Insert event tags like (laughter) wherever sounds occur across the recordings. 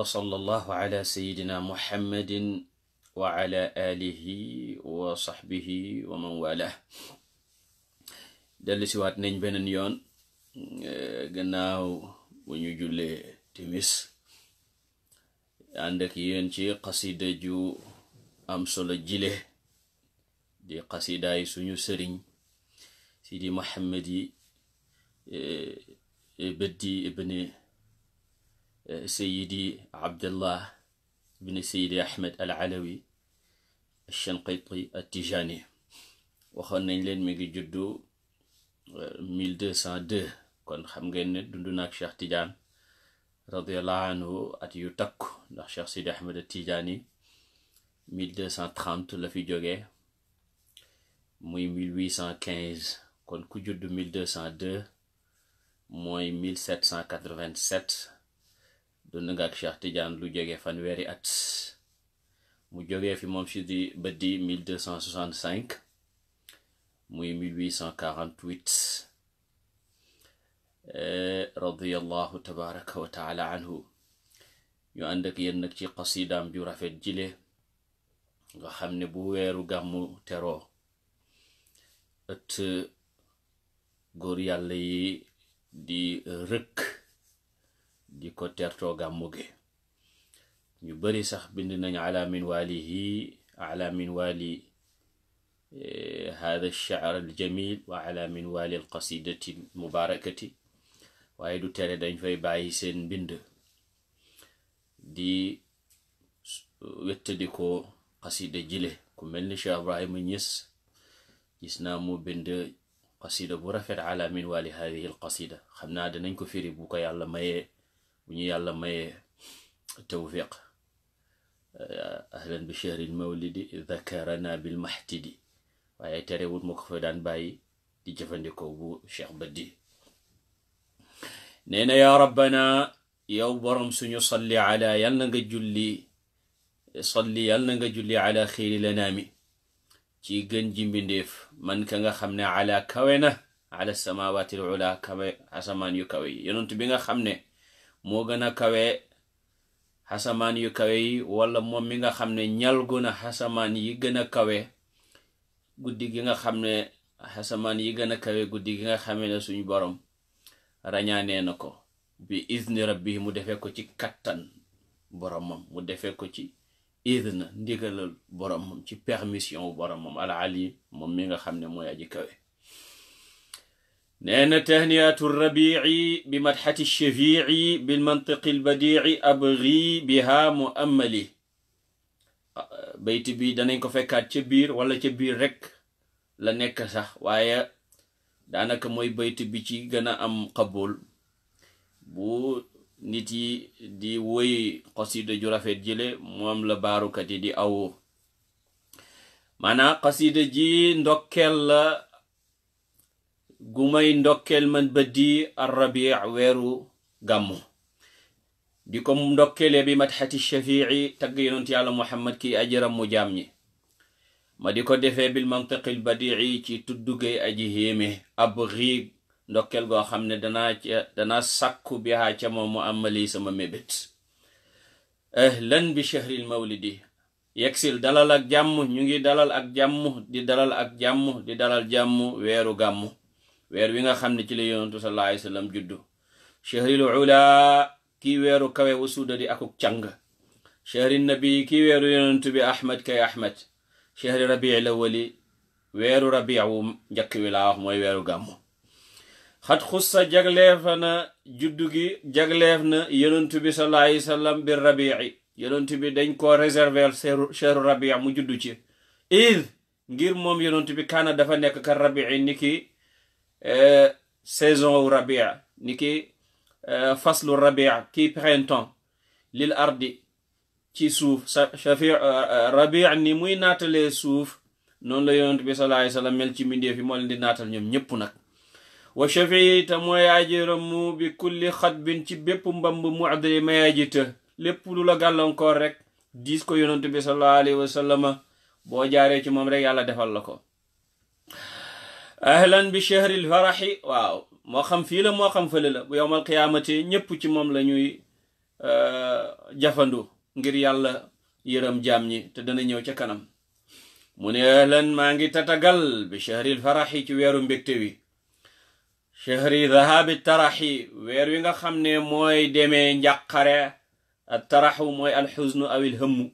wa sallallahu ala sayyidina muhammadin wa ala alihi beneen yoon eh, gannaaw ñu jullee timis ànd ci xasida ju am solo jile di xasidaay suñu sëriñ sidi muhammad yi eh, bëddi sayidi abdullah bin sayidi ahmed al alawi shanqiti al waxoon nañ leen mi ngi juddu 1202 euh, kon xam ngeen ne dund naag cheikh tijan radiallahu anhu at yu takku ndax cheikh sayidi ahmed al tijani 1230 la fi jógee muy 1815 kon ku judd 1202 mooy 1787 dund nga ak Cheikh Tidiane lu jóge fanweeri at mu jógee fi moom si di bëddi 1265 muy 1848 eh, radiyallahu tabaraka wa taala anhu ñu ànd ak yéen nag ci xasidaam ju rafet jile nga xam ne bu weeru gàmmu tero ët góor yàlla yi di rëkk ko tertoo gàmmu gi ñu bari sax bind nañ ala min waalihi ala min waali e, hada shaar al waali al qasidati waaye du tere dañ fay bàyyi seen mbind di wettadi ko xasida jile ku mel ni Cheikh Ibrahima Ñas gis naa mu bind xasida bu rafet ala waali hadihi al ko firi bu ko yàlla mayee bu ñu yàlla mayee tawfiq eh, ahlan bi shahril mawlidi dhakarana bil mahtidi waaye terewut ma ko fa daan bàyyi di jëfandikoo bu cheikh baddi nee na yaa rabbana yow borom suñu salli ala yal na nga julli salli yal na nga julli ala xeyril anaami ci gën ji mbindéef man ka nga xam ne ala kawe na ala samawaatil ula kawe asamaan yu kawe yi yonent bi nga xam ne moo gën a kawe xasamaan yu kawe yi wala moom mi nga xam ne ñalgu na xasamaan yi gën a kawe guddi gi nga xam ne xasamaan yi gën a kawe guddi gi nga xamee ne suñu borom rañaanee na ko bi izni rabbi mu defee ko ci kattan boromam mu defee ko ci izn ndigalal boromam ci permission boromam al ali moom mi nga xam ne mooy aji kawe nee na tahniatu rabii bi madxati shafii bilmantiqi albadii abri biha muammali bayt bi danañ ko fekkaat ca biir wala ca biir rek la nekk sax waaye daanaka mooy bayt bi ci gën a am qabul bu nit yi di woy xasida ju rafet jële moom la baarukat yi di aw maanaa xasida ji ndokkeel gu may ndokkeel man bëddi arrabi weeru gàmmu di ko ndokkele bi madxati shafii tagg yonent yàlla muhammad ki ajaram mu jaam ñi ma di ko defee bil mantiqil badii ci tuddugay aji héeme ab xiig ndokkeel goo xam ne danaa ca bi sàkku bihaa ca moom mu amali sama mébét ahlan bi shahril mawlidi yegsil dalal ak jàmm ñu ngi dalal ak jàmm di dalal ak jàmm di dalal jàmm weeru gàmmu weer wi nga xam ne ci la yonentu sallallahu alayhi wasallam juddu shahril ula kii weeru kawe wa suuda di akuk càng shahri nabi kii weeru yonentu bi ahmad kay ahmad shahri rabii la wali weeru rabii wu njëkk wi laa mooy weeru gàmmu xat xussa jagleef na juddu gi jagleef na yonentu bi sallallahu alayhi wasallam bi rabii yonentu bi dañ koo réserver shahru rabii mu juddu ci id ngir moom yonentu bi kaana dafa nekk ka rabii ni ki E, saison wu rabia ni ki e, faslu rabia kii printemps lil ardi ci suuf shafi e, rabia ni muy naatalee suuf noonu la yonent bi mel ci mbindéef fi moo leen di naatal ñoom ñëpp nag wa shafii te mooy ajiram bi kulli xatbin ci bépp mbamb mu adri mayaji të lépp lu la gàllankoor rek diis ko yonent bi boo jaaree ci moom rek yàlla defal la ko ahlan bi shahril faraxi waaw moo xam fii la moo xam fële la bu yowmal qiyaamati ñëpp ci moom la ñuy euh, jafandu ngir yàlla yërëm jam ñi te dana ñëw ca kanam mu ne ahlan maa ngi tatagal bi shahril faraxi ci weeru mbégte wi chahri dahabi taraxi weer wi nga xam ne mooy deme njàqare al taraxu mooy alxusnu awil hëmmu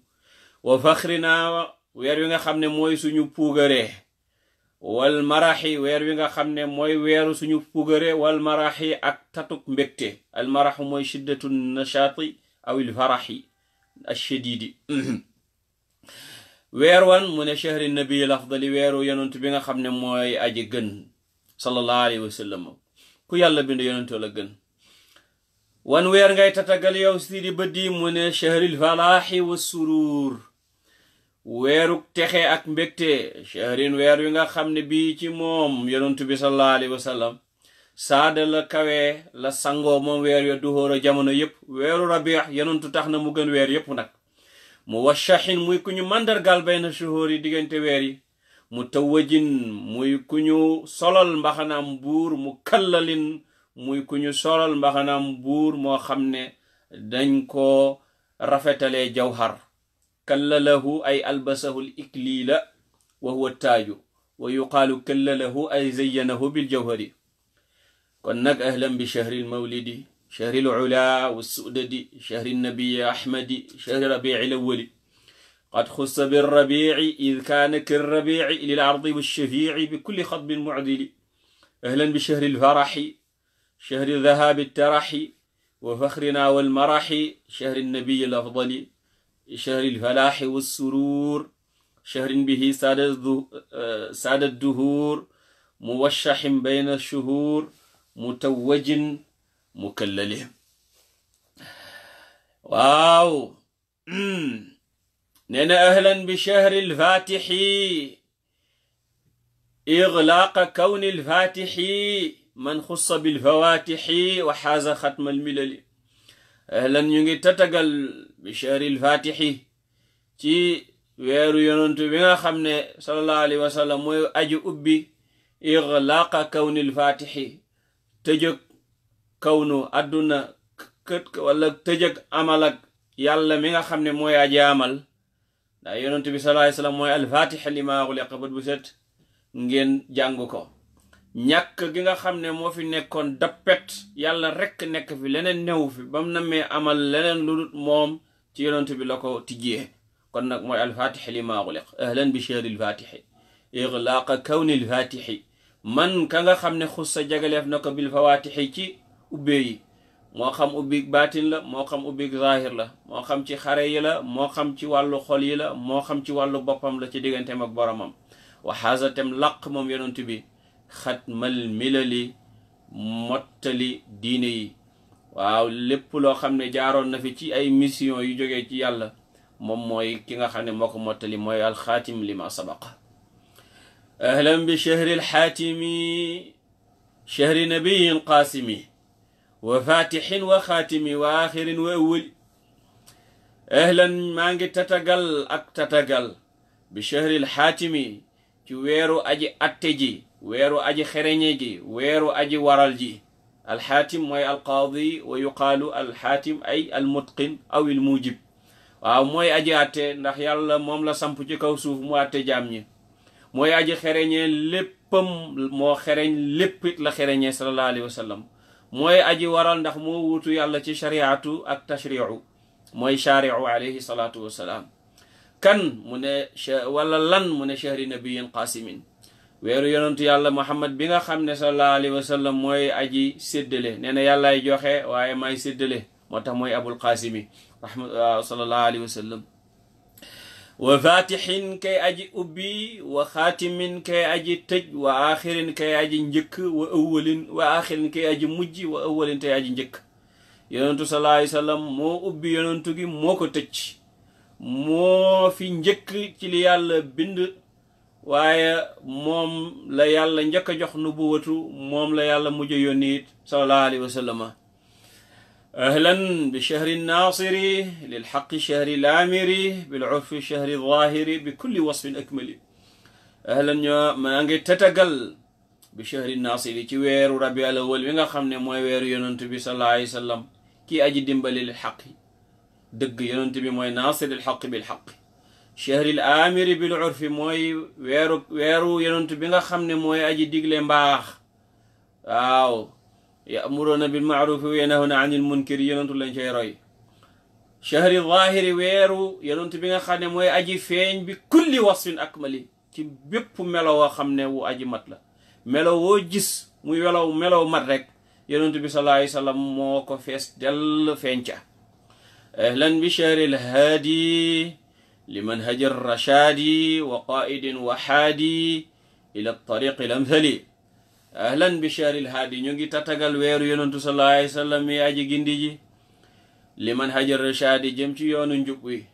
wa faxri naa weer wi nga xam ne mooy suñu puugaree wal maraxi weer wi nga xam ne mooy weeru suñu pugare wal maraxi ak tatuk mbégte al maraxu mooy shiddatu nashaati aw il faraxi ashadidi (clears throat) weer wan mu ne chahri nabiil afdali weeru yonent bi nga xam ne mooy aji gën sallallahu alayhi wa sallam ku yàlla bind yonent la gën wan weer ngay tatagal yow sidi ba mu ne chahril falaxi wa weeruk texe ak mbégte shahrin weer wi nga xam ne bii ci moom yonentu bi sallallahu alayhi wa saada la kawe la sangoo moom weer yo du hóor a jamono yépp weeru rabiix yonentu tax na mu gën weer yépp nag mu washahin muy ku ñu màndargal bayna shuhóor yi diggante weer yi mu tawajin muy ku ñu solal mbaxanam buur mu kallalin muy ku ñu solal mbaxanaam buur moo xam ne dañ ko rafetale jawhar kallalahu ay albasahu l ikliila wa huwa taaju wa yuqaalu kallalahu ay zayyanahu biljawhari kon nag ahlan bi chahri lmawlidi chahri lula walsudadi chahri nabiyi ahmadi chahri rabici lawali qad xussa birrabici id kaana kirrabici lilardi walshafici bikulli xatbin mucdili ahlan bi chahri lfaraxi chahri dahaabi ttaraxi wa faxrina walmaraxi chahri nabiyi lafdali shahri alfalaaxi wassuruur shahrin bihi saada duhuur muwashaxin bayna shuhuur mutawajin mukallali waaw nee na ahlan bi shahri alfaatixi iglaaqa kawni alfaatixi man xussa bilfawaatixi wa xaaza xatma almilali ahlan ñu ngi tatagal bishari lfatixi ci weeru yonantu bi nga xam ne sallallahu alayhi wa sallam mooy aji ubbi ixlaaqa kawni lfatixi tëjëg kawnu àdduna kët wala tëjëg amal ak yàlla mi nga xam ne mooy aji amal ndax yonantu bi sallallahu alayhi wa sallam mooy alfatix lima uliqa bët bu set ngeen jàng ko ñàkk gi nga xam ne moo fi nekkoon dappet yàlla rekk nekk fi leneen new fi bam na mee amal leneen lu dul ci yonent bi la ko tijjee kon nag mooy alfatixi li maa xuliq ahlan bi cheeri lfatixi ixlaaqa kawni lfatixi man ka nga xam ne xus sa jagaleef na ko bil fawaatixi ci ubbee yi moo xam ubbi la moo xam ubbi zahir la moo xam ci xare yi la moo xam ci wàllu xol yi la moo xam ci wàllu boppam la ci digganteem ak boromam waxaasatem laq moom yonent bi xatmal milali mottali diine yi waaw lépp loo xam ne jaaroon na fi ci ay mission yu joge ci yàlla moom mooy ki nga xam ne mooko mottali mooy alxaatim lima sabaqa ahlan bi chahri alxaatimi chahri nabiyin qaasimi wa fatixin wa xaatimi wa axirin wa awwali maa ngi tatagal ak tatagal bi chahri alxaatimi ci weeru aji atte weeru aji xereñe weeru aji waral ji alxaatim mooy alqaadi wa yuqaalu alxaatim ay almutqin aw il mujib mooy aji àtte ndax yàlla moom la samp ci kaw suuf mu àtte jaam ñi mooy aji xereñee léppam moo xereñ lépp la xereñee sallallahu alayhi wa mooy aji waral ndax moo wuutu yàlla ci shariatu ak tashriu mooy shariu alayhi salaatu wasalaam kan mu ne wala lan mu ne shahri weeru yonentu yàlla muhammad bi nga xam ne sallallahu alayhi mooy aji séddale nee na yàllaay joxe waaye maay séddale moo tax mooy abul qaasimi rahma sallallahu alayhi wa sallam wa kay aji ubbi wa xaatimin kay aji tëj wa axirin kay aji njëkk wa awwalin wa axirin kay aji mujj wa awwalin kay aji njëkk yonentu sallallahu alayhi moo ubbi yonentu gi moo ko tëj moo fi njëkk ci li yàlla bind waaye moom la yàlla njëkk a jox nubuwatu moom la yàlla mujj a yónni it sallallahu alayhi wa sallama ahlan bi chahri naasiri lilxaqi chahri laamiri bil urfi chahri zaahiri bi kulli wasfin akmali ahlan ñoo maa bi chahri naasiri ci weeru rabi al awal wi nga xam ne mooy weeru yonent bi sallallahu alayhi wa sallam kii aji dimbali lil xaqi dëgg yonent bi mooy naasiri lxaqi bil xaqi shahril amiri bil urfi mooy weeru weeru yonent bi nga xam ne mooy aji digle mbaax waaw ya'muruna bil ma'rufi wa yanhawna anil munkari yonentu lañ cay roy shahri zaahiri weeru yonent bi nga xam ne mooy aji feeñ bi kulli wasfin akmali ci bépp melo woo xam ne wu aji mat la melo gis muy welow melow mat rek yonent bi sallallahu alayhi wasallam moo ko fees dell feeñca ahlan bi shahril haadi لمنهج الرشاد وقائد وحادي إلى الطريق الأمثل أهلا بشهر الهادي ñongi tatagal weeru yonentu sallallahu alayhi wa sallam mi aji gindi ji jëm ci yoonu njub wi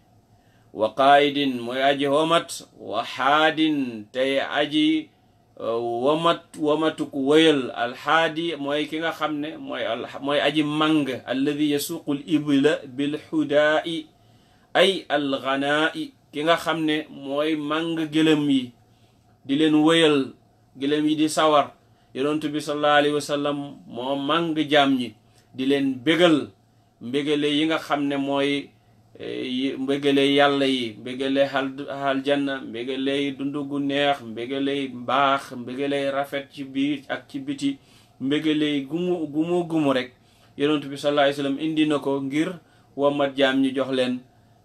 wa qaidin mooy aji womat wa haadin tey aji womat womatu ku wëyal alhaadi mooy ki nga xam ne mooy aji màng alladi yasuuqu al ibla bil ay alxanaa'i ki nga xam ne mooy màng gëlëm yi di leen wëyal gëlëm yi di sawar yonent bi sallallahu alayhi moo màng jaam yi di leen bégal mbégale yi nga xam ne mooy e, mbégale yàlla yi mbégale al aljanna mbégaley dund gu neex mbégaley mbaax mbégaley rafet ci biir ak ci biti mbégaley gumu gumu gumu rek yonent bi sallallahu alayhi indi na ko ngir womat jaam ñi jox leen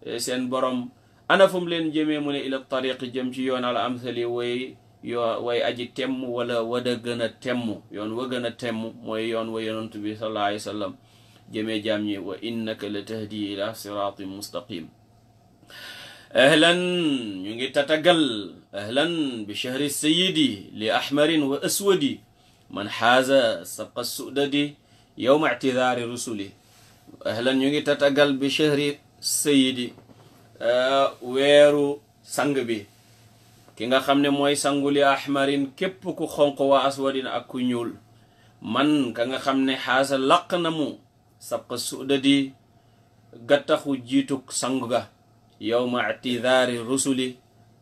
Eh, seen borom ana fu mu leen jëmee mu ne ila tariqi jëm ci yoon al amsali way yoo way aji temm wala wada gën a temm yoon wa gën a temm mooy yoon wa yonantu bi sallallahu alayhi wa sallam jëmee jaam ñi wa innaka la tahdi ila siratin mustaqim ahlan ñu ngi tatagal ahlan bi chahri sayidi li ahmarin wa aswadi man xaaza sabqa sudadi yowma ictidaari rusuli ahlan ñu ngi tatagal bi chahri sayidi euh, weeru sang bi ki nga xam ne mooy sanguli ahmarin képp ku xonq wa aswadin ak ku ñuul man ka nga xam ne xaasa laq na mu sabqa sudadi gattaxu jiituk sang ga yowma atidaari rusuli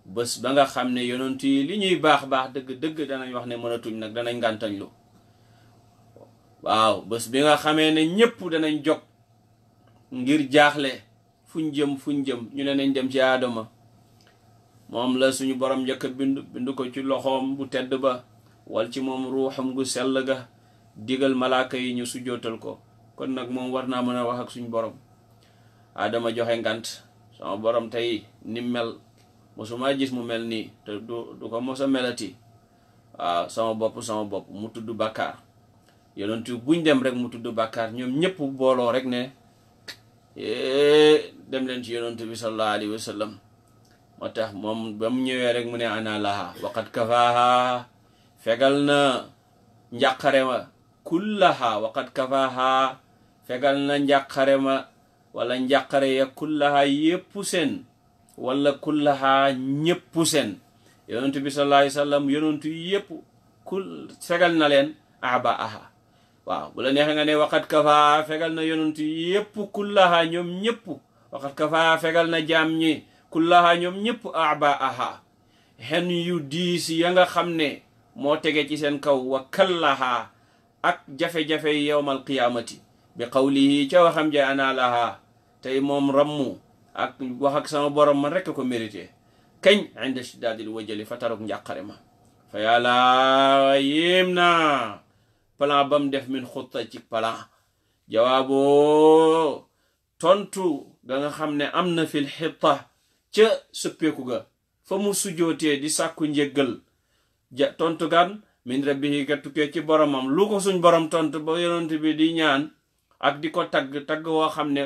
bés ba nga xam ne yonent yi li ñuy baax-baax dëgg-dëgg danañ wax ne mënatuñ nag danañ ngàntañlu waaw bés bi nga xamee ne ñépp danañ jog ngir jaaxle fuñ jëm fuñ jëm ñu ne nañ dem ci aadama moom la suñu borom njëkk a bind ko ci loxoom bu tedd ba wal ci moom ruuxam gu sell ga digal malaaka yi ñu sujjootal ko kon nag moom war naa mën a wax ak suñu borom aadama joxe ngant sama borom tey ni mel ma gis mu mel nii te du ko mos a melati waaw sama bopp sama bopp mu tudd bàkkaar yonent buñ dem rek mu tudd bakkaar ñoom ñëpp booloo rek ne eh, dem leen ci yonent bi sallallahu alayhi wa sallam moo tax moom ba mu ñëwee rek mu ne ana laha waqad kafaaha fegal na njàqare ma kullaha waqad kafaaha fegal na njàqare ma wala njàqare ya kullaha yépp seen wala kullaha ñépp seen yonent bi sallallahu alayhi wa sallam yépp kul fegal na leen aba aha waaw bu la neexee nga ne waqat kafa fegal na yonent yépp kullaha ñoom ñépp waxat kafaa fegal na jaam ñi kullaha ñoom ñëpp aba aha xen yu diis ya nga xam ne moo tege ci seen kaw wa kallaha ak jafe-jafe yowmal qiyaamati bi qawlihi ca waxam ja ana laha tey moom rammu ak wax ak sama borom man rekk ko mérité kañ inde shidaadil wajali fa tarok njàqare ma fa yàlla yéem naa plan bam def min xutta ci plan jawaabo tontu ga nga xam ne am na fi xitta ca suppeeku ga foo mu sujootee di sàkku njëggal ja tontu gan min rabbihi ga tukkee ci boromam lu ko suñ borom tontu ba yonent bi di ñaan ak di ko tagg tagg woo xam ne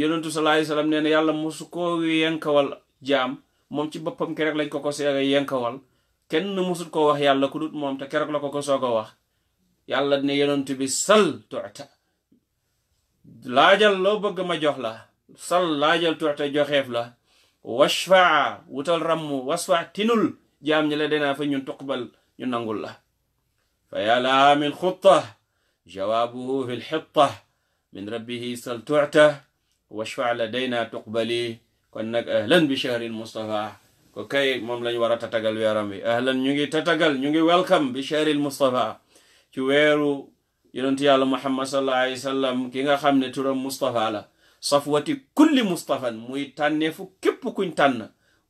yonentu sallallahu alayhi wasallam nee yàlla mosu koo yenkawal jaam moom ci boppam keroog lañ ko ko seega yenkawal kenn mosut koo wax yàlla ku dut moom te keroog la ko ko soog a wax yàlla ne yonent bi sal tuta laajal loo bëgg ma jox la sal laajal tuuxte joxeef la washfaa wutal ramm wasfa tinul jaam ñi la danaa fa ñun tuqbal ñu nangul la fa yaa laha min xutta jawaabuhu fi lxitta min rabbihi sal tuuxta washfa ladayna tuqbali kon nag ahlan bi shahri lmustafa ko kay moom lañu war a tatagal weeram bi ahlan ñu ngi tatagal ñu ngi welcome bi shahri lmustafa ci weeru yonent yàlla muhammad sallallahu alayhi wa sallam ki nga xam ne turam mustafa la safwati kulli mustafan muy tànneefu képp kuñ tànn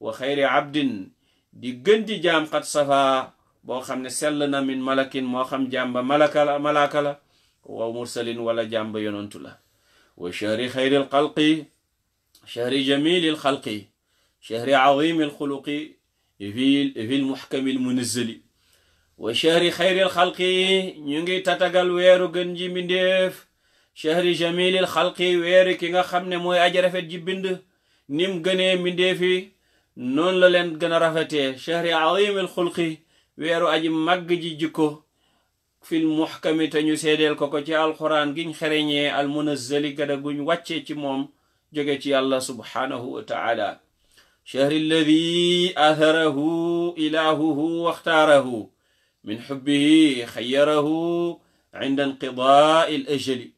wa xayri abdin di gën di jaam xat safa boo xam ne sell na min malakin moo xam jàmba malaka wa mursalin wala jàmba yonantu la wa chahri xayri lxalqi chahri jamili lxalqi chahri azimi lxuluqi tatagal weeru gën ji chahri jamilil xalqi weeri ki nga xam ne mooy aji rafet ji bind nim gënee mbindeefi noonu la leen gën a rafetee chahri azimil xulqi weeru aji màgg ji jikko fil muxkami te ñu seedeel ko ko ci alquran giñ xereñee al munazzali gada guñ wàccee ci moom jóge ci yàlla subhaanahu wa taala chahri alladi atharahu ilaahuhu waxtaarahu min xubbihi xayyarahu inda inqidaai al ajali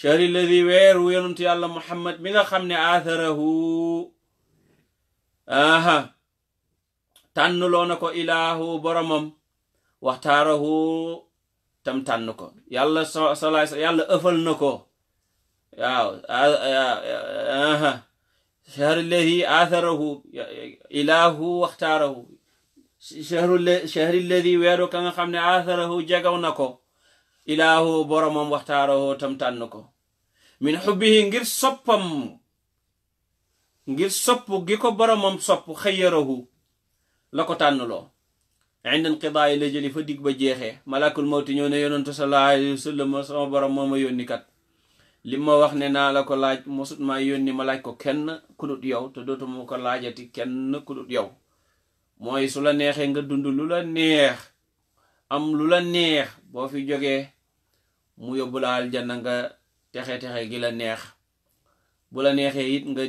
chari ladi weeru yonentu yàlla muhammad mi nga xam ne atharahu aha tànnloo na ko ilaahu boromam waxtaarahu tam tànn ko yàlla sala yàlla ëfal na ko waaw aha chahru atharahu ilaahu waxtaarahu chahru ladi weeru ka nga xam ne atharahu jagaw na ko ilaahu boromam waxtaaroo tam tànn ko min xubbihi ngir soppam ngir sopp gi ko boromam sopp xëyyarahu la ko tànnloo inda inqidaayi la jëli fa digg ba jeexee malakul mawti ñëw ne yonentu sallallahu alayhi wa sallam sama borom ma yónni kat li ma wax ne naa la ko laaj mosut maa yónni ma ko kenn kudut yow te dootuma ko laajati kenn kudut yow mooy su la neexee nga dund lu la neex am lu la neex boo fi jógee mu yóbbu la aljanna nga texe-texe gila neex bu la neexee it nga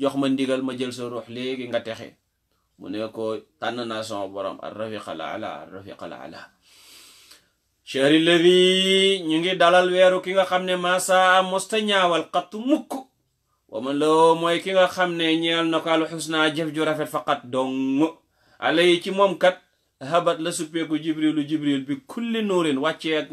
jox ma ndigal ma jël sa ruux léegi nga texe mu ne ko tànn naa sama borom ar rafiqal ala ar rafiqal ala ñu ngi dalal weeru ki nga xam ne ma masa mosta ñaawal xattu mukk waman loo moy ki nga xam ne ñeel na ko alxusna jëf ju rafet faqat dong alay ci moom kat habat la suppeeku jibrilu jibril bi kulli nuurin wàcceek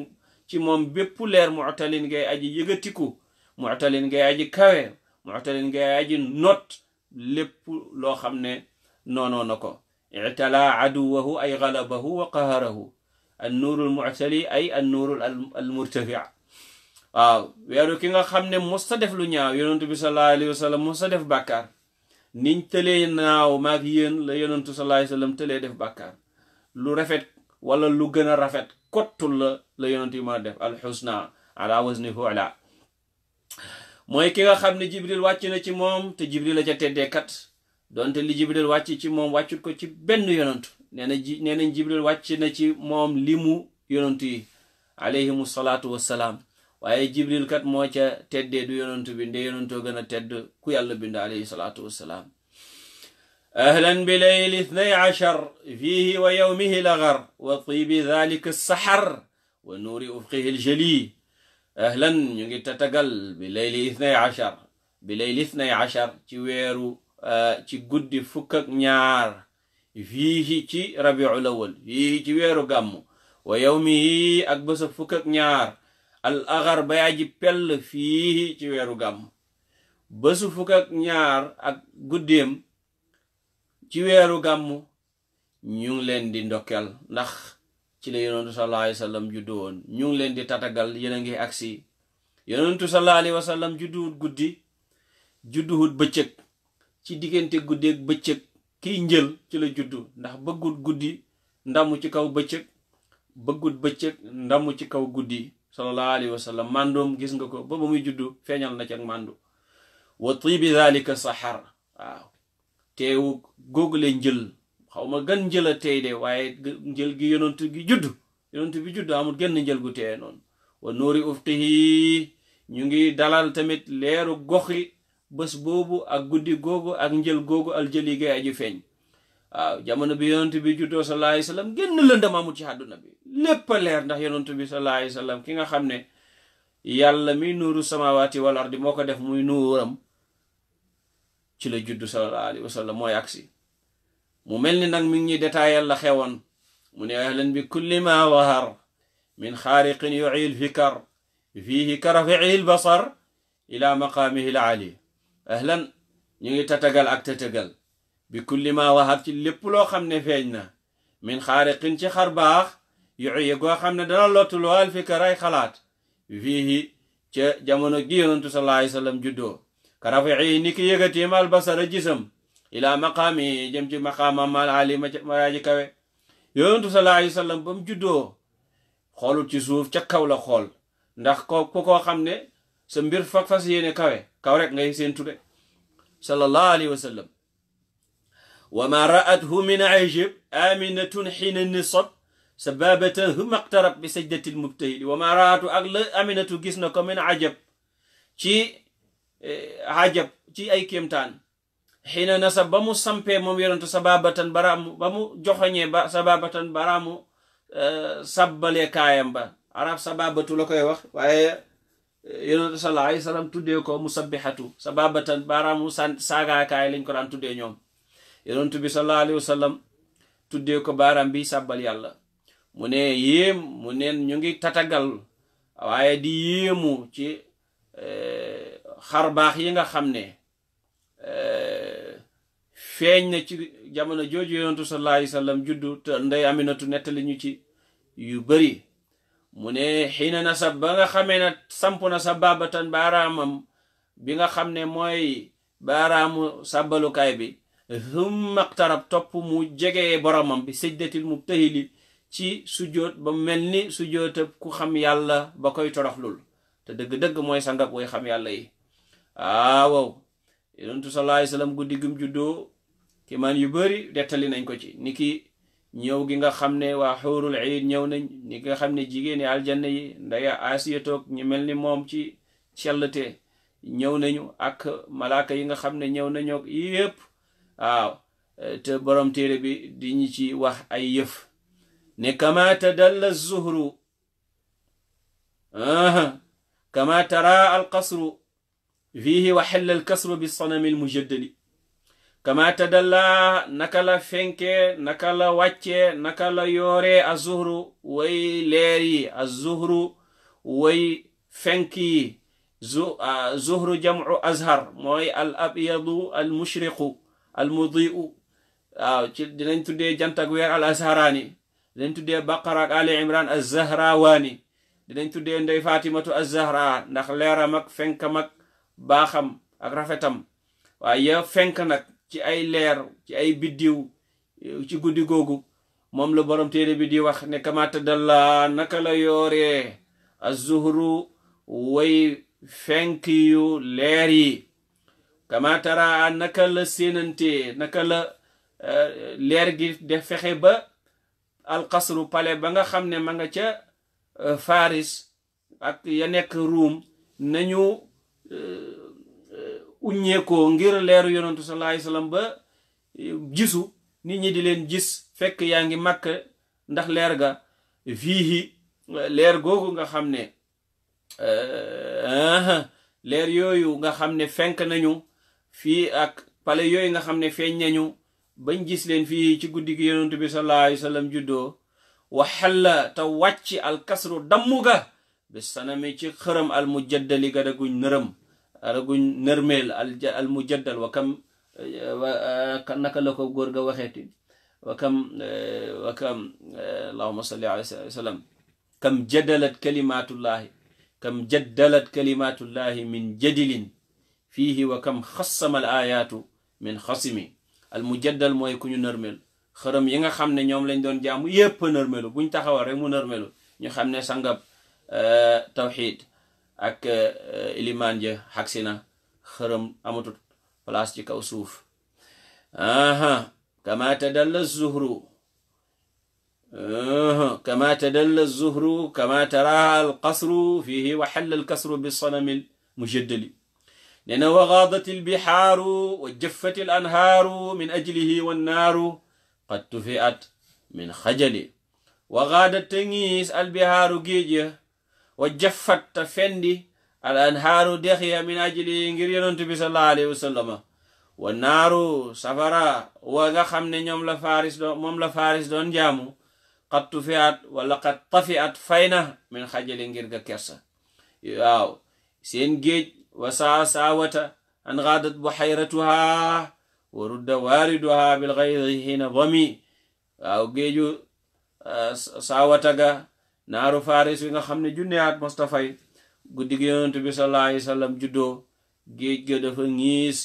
ci moom bépp leer muctalin ngay aji yëgatiku muctalin ngay aji kawe muctalin ngay aji not lépp loo xam ne noonoo na ko italaa aduwahu ay galabahu wa qaharahu an muctali ay an nuurul almurtafic waaw ki nga xam ne mos def lu ñaaw yonentu bi sallallahu alayhi wa sallam mos ta def bàkkaar niñ tëlee naaw maag yéen la yonentu sallallahu alayhi wa tëlee def bàkkaar lu rafet wala lu gën a rafet kottul la yonent yi mën a def alxusna ala wazni fuula mooy ki nga xam ne jibril wàcc na ci moom te jibril la ca teddee donte li jibril wàcc ci moom wàccut ko ci benn yonantu nee na ji nee nañ jibril wàcc na ci moom limu yonantu yi alayhimu salaatu wassalaam waaye jibril kat moo ca teddee du yonantu bi nde yonantoo gën a tedd ku yàlla bind alayhi salaatu wassalaam ahlan bi leyli ithnay ashar fiihi wa yowmihi wa tibi dalika saxar wa nuuri ufqihi ljali ahlan ñu ngi tatagal bi leyli ithnay achar bi leyli ithnay achar ci weeru ci guddi fukk ñaar fiihi ci rabiul awal fiihi ci weeru gàmmu wa yawmihi ak bësa fukk ñaar ci weeru gàmmu bësu fukk ak ñaar ci weeru gàmmu ñu ngi leen di ndokkeel ndax ci la yonentu sallallahu alayhi juddu woon ñu ngi leen di tatagal yéen a ngi agsi yonentu sallallahu juddu wa sallam judduwut guddi bëccëg ci diggante guddeeg bëccëg ki njël ci la juddu ndax bëggut guddi ndamu ci kaw bëccëg bëggut bëccëg ndamu ci kaw guddi sallallahu alayhi wa gis nga ko ba ba muy juddu feeñal na ci ak màndu wa tibi dhalika sahar teewu googule njël xaw ma gan njël a tey de waaye njël gi yonent gi judd yonent bi judd amul genn njël gu teye noonu wa nóori ufqihi ñu ngi dalal tamit leeru goxi bés boobu ak guddi googu ak njël googu aljëli gay aju feeñ waaw jamono bi yonent bi juddoo sallallahu alayhi wasallam génn lëndam amul ci àdduna bi lépp leer ndax yonent bi sallallahu alayhi wasallam ki nga xam ne yàlla mi nuuru samawaati walla ardi moo ko def muy nuuram ci la juddu sallallahu alayhi wasallam mooy agsi mu mel ni nag mi ngi ñuy détaayal la xewoon mu ne ahlan bi kulli ma wahar min xaariqin yuciil fikar fiihi karafici lbasar ila maqaamihi laali ahlan ñu ngi tatagal ak tatagal bi kulli ma wahar ci lépp loo xam ne feeñ na min xaariqin ci xar baax yuciye goo xam ne dana lottuloo alfikar ay xalaat fiihi ca jamono gi yonentu sallallahu alayhi wa sallam juddoo karafici ni ki yëgateem ilaa maqaami jëm ci maqaama mal ali ma kawe yonentu sallallahu alayhi wa sallam ba ci suuf ca kaw la xool ndax ko ku koo xam ne sa mbir fa fas yéene kawe kaw ngay séentu de sallallahu alayhi wa sallam wa ma ra'athu min ajib aminatun xiina nisab sababatan hum aqtarab bi sajdatil mubtahili wa ma ra'atu ak la aminatu gis na ko min ajab ci eh, ajab ci ay kéemtaan xina nasa ba mu sampee moom yonentu sababatan baraamu ba mu joxoñee eh, ba sababatan baraamu sabbalee kaayam ba arab sababatu la koy wax waaye eh, yonentu sallallahu alayhi wasallam tuddee ko mu sabbihatu sababatan baraamu san saagaakaay lañ ko daan tuddee ñoom yonentu bi sallallahu alayhi wasallam tuddee ko baaraam bi sàbbal yàlla mu ne yéem mu neen ñu ngi tatagal waaye di yéemu ci eh, xar baax yi nga xam ne feeñ na ci jamono jooju yonentu sallallahu alayhi wa sallam juddu te ndey aminatu nettali ñu ci yu bëri mu ne xiina na sa ba nga xamee na samp na sa baabatan baaraamam bi nga xam ne mooy baaraamu sàbbalukaay bi humma qtarab topp mu jege boromam bi sajdatil mubtahili ci sujjóot ba mel ni sujjóotab ku xam yàlla ba koy toroxlul te dëgg-dëgg mooy sangab way xam yàlla yi waaw yonentu sallallahu alayhi wa sallam guddi kiimaan yu bëri dettali nañ ko ci niki ñëw gi nga xam ne waa xuurul iid ñëw nañ ni nga xam ne jigéeni aljanna yi ndaya asiya toog ñu mel ni moom ci cellte ñëw nañu ak malaaka yi nga xam ne ñëw nañoog yépp waaw te borom téere bi di ñu ci wax ay yëf ne kama tadalla zuhru kama tara alqasru fihi wa xella alkasru bi sanami almujaddali kama tadalla naka la fenke naka la wàcce naka la yoore azuhru way leer yi azuhru way fenk yi zuhru jamcu azhar mooy al abyadu al mushriqu al mudiu waaw ci dinañ tuddee jant ak weer al azharaani dinañ tuddee baqara ak ali imran az zahrawaani dinañ tuddee ndey fatimatu az zahra ndax leeram ak fenkam ak baaxam ak rafetam waaye fenk nag ci ay leer ci ay biddiw eh, ci guddi googu moom la borom téere bi di wax ne kama tadalla naka la yooree azzuhru way fenk yu leer yi kama naka la séenante naka la eh, leer gi def fexe ba alqasru pale ba nga xam ne ma nga ca eh, faris ak ya nekk ruum nañu uññeekoo ngir leeru yonentu sallallahu alayhi wasallam ba e, gisu nit ñi di leen gis fekk yaa ngi màkk ndax leer ga fiihi leer googu nga xam ne eh, eh, leer yooyu nga xam ne fenk nañu fii ak pale yooyu nga xam ne feeñ nañu bañ gis leen fii ci guddi gi yonentu bi sallallahu alayhi wasallam juddoo waxalla te wàcc alkasru dammu ga bi sanami ci xërëm almujaddali ga daguñ nërëm alaguñ nërmeel al mujaddal wa kam naka la ko góor ga waxeeti wa kam eh, wa kam eh, allahuma salli ala sallam kam jaddalat kalimatullahi kam jaddalat kalimatullahi min jadilin fiihi wa kam xassama al min xasimi al mooy ku ñu nërmeel xërëm yi nga xam ne ñoom lañ doon jaamu yépp nërmelu buñ taxawal rek mu ñu xam ne sangab eh, tawxid ak eh, eh, ilimaan ja xagsi na xërëm amatut place ci kaw suuf aha kama tadalla zuhru kama tadalla zuhru kama taraha alqasru fihi wa xalla alkasru bisanami mujaddali nee na wa gaadat albixaaru wa jëffat alanhaaru min ajlihi wannaaru qad tufiat min xajali wa gaadat tangiis albihaaru géej wa jaffat ta fendi al anhaaru min ajli ngir yonent bi sallallahu alayhi wasallama wa naaru safara wa nga xam ne ñoom la faaris doon la faaris doon jaamu qad tufiat wala qad tafiat fayna min xajali ngir kersa waaw seen géej wa saa an gaadat buxayratuha wa rudda waariduha bilxaydi xiina dami waaw géeju ah, ga naar naaru faris wi nga xam ne junne at Mustafa yi guddi gi yonent bi sallallahu alayhi wa sallam juddoo géej ga dafa ñiis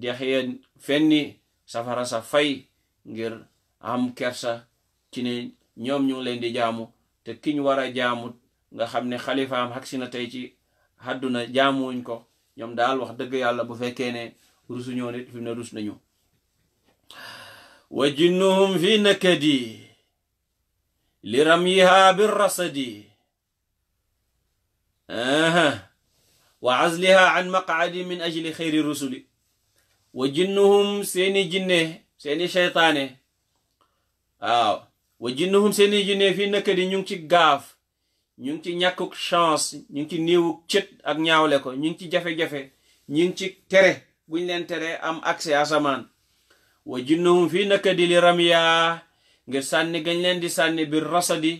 dex ya fenni safara sa fay ngir am kersa ci ñoom ñu leen di jaamu te kiñ war a jaamu nga xam ne xalifaam xag si na tey ci àdduna wuñ ko ñoom daal wax dëgg yàlla bu fekkee ne rusuñoo nit fi mu rus nañu wa jinnuhum fi nakadi li ramyiha birrasadi wa azliha an maqaadi min ajli xeyri rusuli wa jinnuhum seeni jinne seeni sheytaane waaw wa jinnuhum seeni jinne fii nëkk di ñu ngi ci gaaf ñu ngi ci ñàkkuk chance ñu ngi ci néewuk cët ak ñaawle ko ñu ngi ci jafe-jafe ñu ngi ci tere buñ leen tere am accès asamaan wa jinnuhum fii nëkk di li ramyaa ngir sànni gañ leen di sànni bi rasadi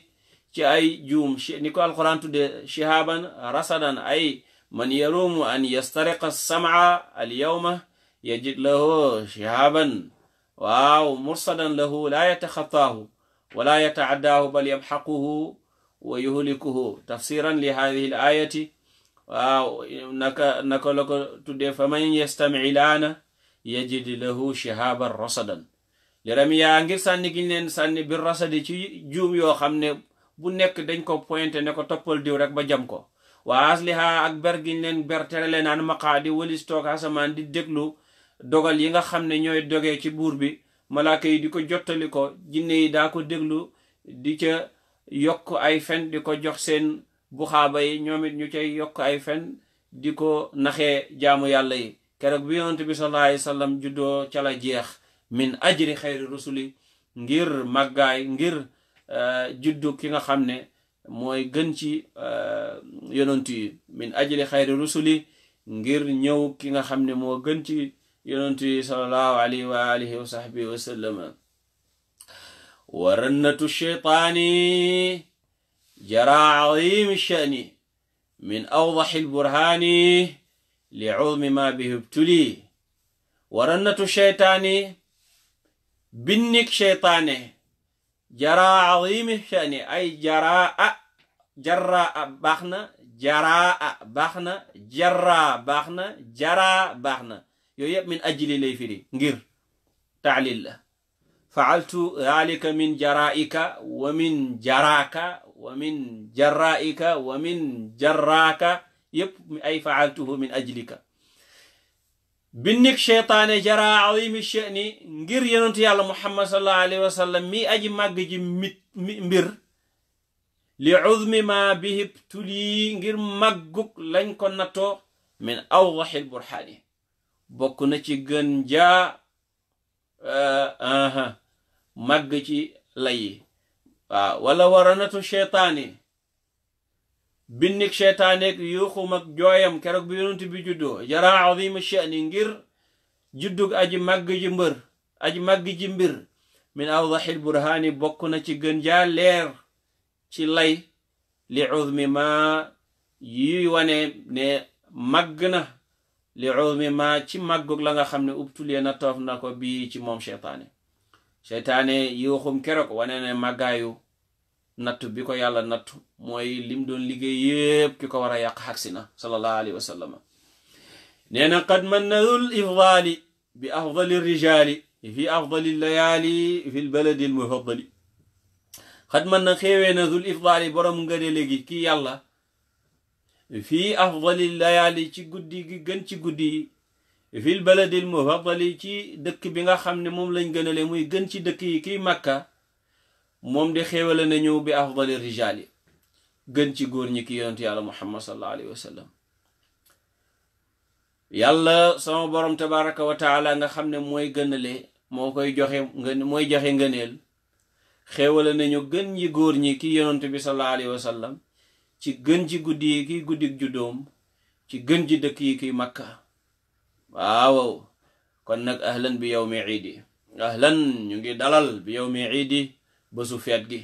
ci ay juum ni ko alquran tudde shihaban rasadan ay man yarumu an yastariqa samaa al yawma yajid lahu shihaban waaw mursadan lahu laa yataxataahu wala yatacaddaahu bal yabxaquhu wa yuhlikuhu tafsiran li hadihi l ayati waaw naka naka la ko tuddee fa man yastamic laana yajid lahu shihaban rasadan li ramiya ngir sànni gi leen sànni bi rasadi ci juum yoo xam ne bu nekk dañ ko pointé ne ko toppal diw rek ba jam ko waa asliha ak ber giñ leen ber tere leen an maqaa di walis toog asamaan di déglu dogal yi nga xam ne ñooy dogee ci buur bi malaaka yi di ko jottali ko jinne yi daa ko déglu di ca yokk ay fen di ko jox seen buxaaba yi ñoom it ñu cay yokk ay fen di ko naxee jaamu yàlla yi keroog bi yonent bi sallallahu alayhi wa sallam juddoo ca la jeex min ajri xayri rusuli ngir màggaay ngir eh, juddu ki nga xam ne mooy gën ci eh, yonantu yi min ajri xayri rusuli ngir ñëw ki nga xam ne moo gën ci yonantu yi sallallahu alayhi wa alihi wa sahbihi wa sallama wa rannatu sheytaani jaraa adim shani min awdaxi lburhaani li cudmi ma bihi btuli wa rannatu sheytaani binnik sheytaane jaraa azimi shani ay jaraa jaraa baax na jaraa baax na jaraa baax na jaraa min ajli lay ngir taalil la faaltu dalika min jaraika wa min jaraaka wa min jaraika wa ay faaltuhu min ajlika binnik cheytaane jara azimi shani ngir yonentu yàlla muhammad sallallahu alayhi wa sallam mi aji màgg ji mit mbir li uzmi ma bihib tulii ngir màggug lañ ko nattoo min awdaxil burhaani bokk na ci gën jaa uh, uh-huh, màgg ci layi waaw wala waranatu cheytaani binnik seytaaneeg yuuxum ak jooyam keroog bi yonent bi juddoo jara azima shani ngir juddug aji màgg ji mbër aji màgg ji mbir min awdaxil burhaani bokk na ci gën jaa leer ci lay li uzmi ma yi wane ne màgg na li uzmi ma ci màggug la nga xam ne ubtulee na toof ko bii ci moom seytaane seytaane yuuxum keroog wane ne màggaayu nattu bi ko yàlla nattu mooy lim doon liggéey yépp ki ko war a yàq xagsi na sallallahu alayhi wa sallam nee na qad mannadul ifdaali bi afdali rijaali fi afdali layaali fi lbaladi almufaddali xad man na xéewee na dul borom nga léegi kii yàlla fi afdali layaali ci guddi gi gën ci guddi yi fi lbaladi almufaddali ci dëkk bi nga xam ne moom lañ gënale muy gën ci dëkk yi kii màkka moom de xéewale nañu bi afdali rijaal gën ci góor ñi ki yonentu yàlla muhammad sallallahu alayhi wa sallam yàlla sama borom tabaraka wa taala nga xam ne mooy gënale moo koy joxe ngën mooy joxe ngëneel xéewale nañu gën ñi góor ñi ki yonent bi sallallahu alayhi wa sallam ci gën ci guddi yi kiy guddik juddoom ci gën ji dëkk yi ki makka waaw kon nag ahlan bi yow mi iidi ahlan ñu ngi dalal bi yow mi iidi bësu feet gi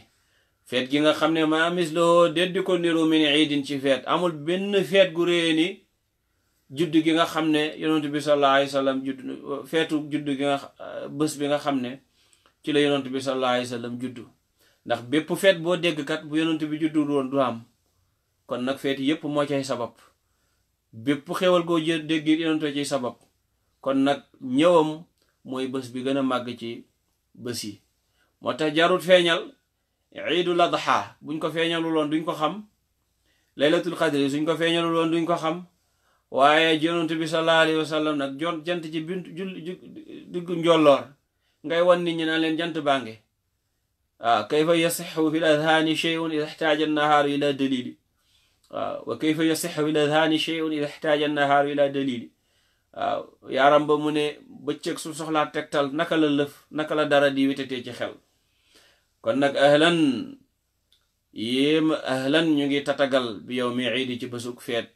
feet gi nga xam ne maa misloo déet di ko niru min iidin ci feet amul benn feet gu réye ni judd gi nga xam ne yonent bi sallallahu alayhi wa sallam judd feetu judd gi bi nga xam ne ci la yonent bi sallallahu alayhi wa ndax bépp feet boo dégg kat bu yonent bi juddu woon du am kon nag feet yépp moo cay sabab bépp xéwal goo jë dégg ci ciy sabab kon nag ñëwam mooy bës bi gën a màgg ci bës yi moo tax jarut feeñal iidul adha buñ ko feeñaluloon duñ ko xam laylatul qadri suñ ko feeñaluloon duñ ko xam waaye yonent bi sallallahu alayhi wasallam nag jon jant ci bintu jul diggu njolloor ngay wan nit ñi naan leen jant bànge waaw kayfa yasixu fi l adhaani sheyun ida xtaaja annahaaru ila dalili waaw wa kayfa yasixu fi l adhaani sheyun ida xtaaja annahaaru ila dalili waaw yaaram ba mu ne bëccëg su soxlaa tegtal naka la lëf naka la dara di wétatee ci xel kon nag ahlan yéem ahlan ñu ngi tatagal bi yow mi iidi ci bésug feet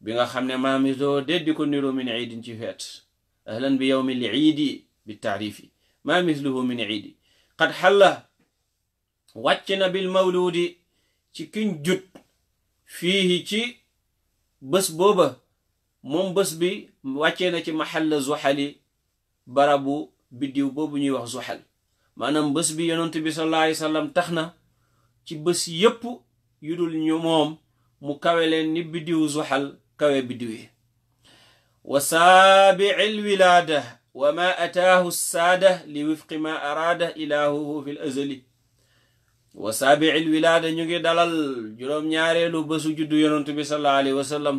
bi nga xam ne maam isoo déddi ko niru min iidin ci feet ahlan bi yow mi li iidi bi taarifi maa misluhu min iidi qad xalla wàcc na bil mawluudi ci kiñ jut fiihi ci bés booba moom bés bi wàccee na ci maxalla zuxali barabu biddiw boobu ñuy wax zuxal maanaam bés bi yonent tax na ci bés yépp yu dul ñu moom mu kawe leen ni biddiw zuxal kawe biddiw yi wa saabi'il wilaada wa ma ataahu saada li wifqi ma araada ilaahuhu fil azali wa saabi'il wilaada ñu ngi dalal juróom-ñaareelu bésu juddu yonent bi sallallahu alayhi wasallam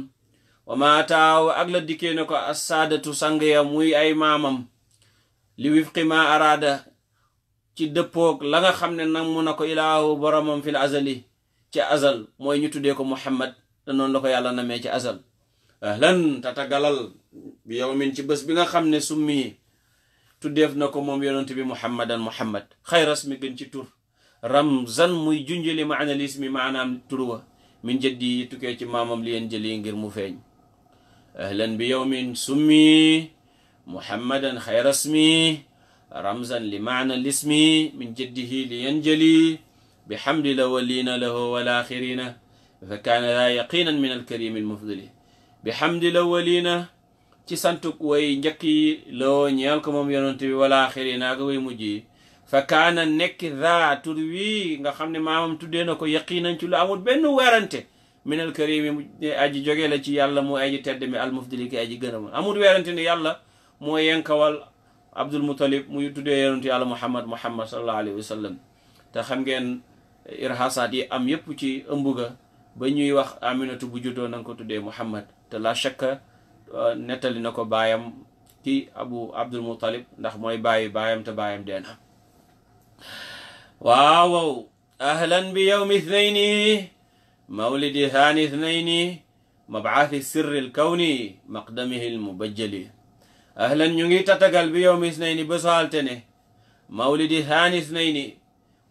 wa ma ataahu ak la ay maamam li wifqi ma araada ci dëppoog la nga xam ne nag mu na ko ilaahu moom fil azali ci azal mooy ñu tuddee ko muhammad te noonu la ko yàlla namee ci azal ahlan tatagalal bi yow min ci bés bi nga xam ne summi tuddeef na ko moom yonent bi muhammadan muhammad xayras mi gën ci tur ramzan muy junjali maana lis mi maanaam turwa min jëddi tukkee ci maamam liyen yeen jëli ngir mu feeñ ahlan bi yow min summi muhammadan xayras mi رمزا لمعنى الاسم من جده لينجلي بحمد الأولين له والآخرين فكان la يقينا من الكريم المفضل بحمد الأولين ci santuk way njëkk yi loo ñeel ko moom yonent bi wala axiri naa ko way mujj yi fa kaana nekk daa tur wi nga xam ne maamam tuddee na ko yaqinan ci lu amul benn werante minal karimi aji jóge la ci yàlla mu aji tedd mi al mufdili ki aji gërëm amul werante ne yàlla moo yenkawal abdul mutalib muy tuddee yonentu yàlla muhammad muhammad sallallahu alayhi wa sallam te xam ngeen irhasaat yi am yépp ci ëmb ga ba ñuy wax aminatu bu juddoo na nga ko tuddee muhammad te la shakka euh, nettali na ko baayam ci abu abdul mutalib ndax mooy bàyyi baayam te baayam dee na waaw ahlan bi yowmi ithnayni mawlidi haani ithnayni mabcaathi sirri alkawni maqdamihi almubajjali ahlan ñu ngi tatagal bi yowmi isnayni bésu altine mawlidi haani isnayni